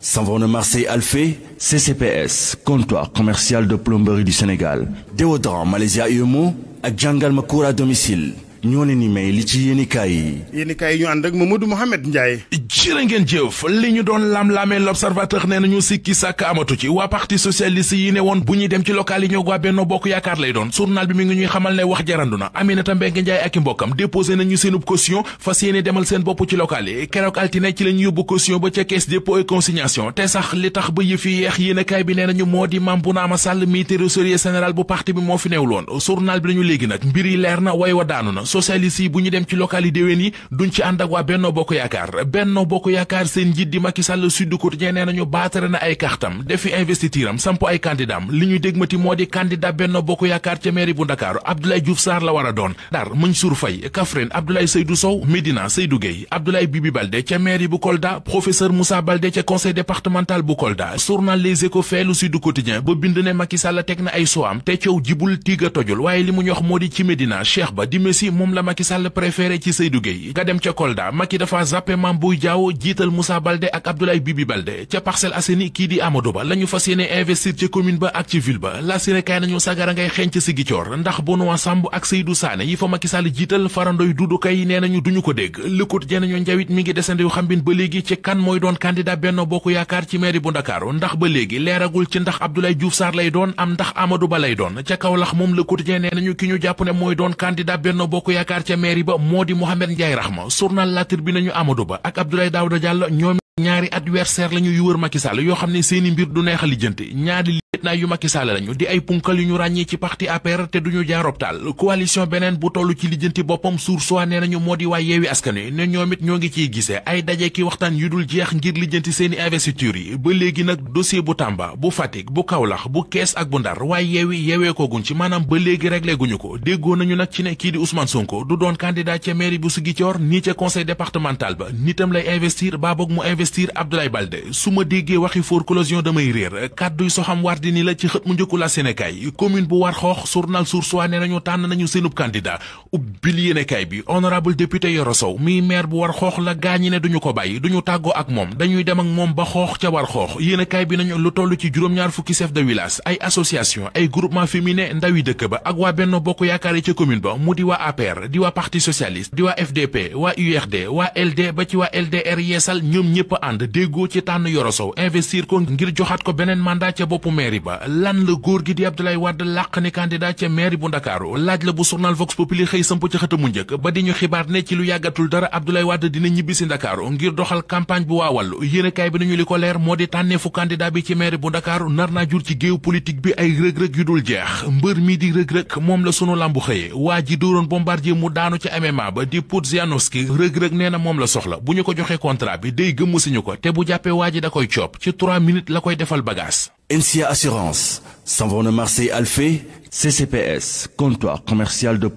de Marseille Alphée, CCPS, comptoir commercial de plomberie du Sénégal déodorant Malaysia Umo à Makura domicile Nous ne ni may Yenikai. ci yéenikaay yi yéenikaay yi ñu Mohamed Ndiaye jërë ngeen jëf li ñu doon lam-lamee l'observateur nee nañu sikki sàkk amatu ci waa parti socialiste yi ne woon bu ñuy dem ci local yi ñoo waa Benno Bokk Yaakaar lay doon journal wax jarandu na Aminata ak i mbokkam déposé nañu seenub caution seen bopp ci local yi keroog altine ci la ba ca caisse dépôt et consignation te nee nañu moo di Mame Bounama Sall mi trésorier général bu parti bi moo fi neewul woon journal bi nañu léegi nag mbir leer na way daanu na socialiste ñu dem ci local yi déwéen yi duñ ci ànd waa Benno Bokk Yaakaar Benno Benno Bokk Yaakaar seen njiit di Macky Sall Sud Quotidien nee nañu baatare na ay kartam defi investiture am samp ay candidat am li ñu dégmati moo di candidat Benno Bokk Yaakaar ca mairie bu Ndakaaru Abdoulaye Diouf Sarr la war a doon Ndar Mansour Faye Kaffrine Abdoulaye Seydou Sow Médina Seydou Gueye Abdoulaye Bibi Baldé ca mairie bu Kolda professeur Moussa Baldé ca conseil départemental bu Kolda journal Les Échos feelu Sud Quotidien ba bind ne Macky Sall teg na ay soam te coow jibul tiig a tojul waaye Diawo jiital Moussa Balde ak Abdoulaye Bibi Balde ca Parcelles Assainies kii di Amadou Ba la ñu fas investir ci commune ba ak ci ville ba la sine kaay nañu sagara ngay xeeñ ci Ziguinchor ndax Benoît Sambou ak Seydou Sané yi fa Macky Sall jiital farandoy Doudou Kay nee nañu duñu ko dégg lëkkut jenañoo njawit mi ngi desande xambin ba léegi ci kan mooy doon candidat Benno Bokk Yaakaar ci mairie bu Ndakaaru ndax ba léegi leeragul ci ndax Abdoulaye Diouf Sarr lay am ndax Amadou Ba lay doon ca Kaolack moom le quotidien nee nañu ki ñu mooy doon candidat Benno Bokk Yaakaar ca mairie moo di Mohamed Ndiaye Abdoulaye Daouda Diallo ñoom ñaari adversaire lañu yu wër Macky Sall yoo xam ne seeni mbir du neex a lijjanti ñaari lieutenant yu Macky Sall lañu di ay punkal yu ñu ràññee ci parti APR te duñu jaaroptaal coalition beneen bu toll ci lijjanti boppam suur soi nee nañu moo di waa yeewi askan wi ne ñoom it ñoo ngi ciy gisee ay daje ki waxtaan yu dul jeex ngir lijjanti seeni investiture yi ba léegi nag dossier bu Tamba bu Fatick bu Kaolack bu Kees ak bu Ndar waaye yeewi yeewee ko guñ ci maanaam ba léegi réglé guñu ko déggoo nañu nag ci ne kii di Ousmane Sonko du doon candidat ca mairie bu Ziguinchor ni ca conseil départemental ba nitam lay investir baa boog mu investir Abdoulaye Baldé su ma déggee waxi four closion damay réer kàdduy soxam war xamante ni la ci xët mu njëkku la Sénégal commune bu war xoox journal Source A ne nañu tànn nañu seenub candidat ubbil yéenekaay bi honorable député Yoro Sow mi maire bu war xoox la gaañi ne duñu ko bàyyi duñu tàggoo ak moom dañuy dem ak moom ba xoox ca war xoox yéenekaay bi nañu lu toll ci juróom-ñaar fukki chef de village ay association ay groupement féminin ndawi dëkk ba ak waa Benno Bokk Yaakaar yi ca commune ba mu di waa APR di waa parti socialiste di waa ba ci waa LDR yeesal ñoom ñëpp ànd déggoo ci tànn Yoro Sow investir ko ngir joxaat ko beneen mandat ca mairie ba lan la góor gi di Abdoulaye Wade làq ne candidat ca mairie bu Ndakaaru laaj la bu journal Vox Populi xëy samp ci xëtamu njëkk ba di ñu xibaar ne ci lu yàggatul dara Abdoulaye Wade dina ñibbisi si Ndakaaru ngir doxal campagne bu waawal yéenekaay bi nañu li ko leer moo di tànneefu candidat bi ci mairie bu Ndakaaru nar naa jur ci géew politique bi ay rëg-rëg yu dul jeex mbër mi di rëg-rëg moom la sunu làmbu xëye waa ji dóoroon bombardier mu daanu ci MMA ba di Pudzianowski rëg-rëg nee na moom la soxla bu ñu ko joxee contrat bi day gëmm siñu ko te bu jàppee waa ji da koy coob ci trois minutes la koy defal bagage assurance. de Marseille Alphée, CCPS, comptoir commercial de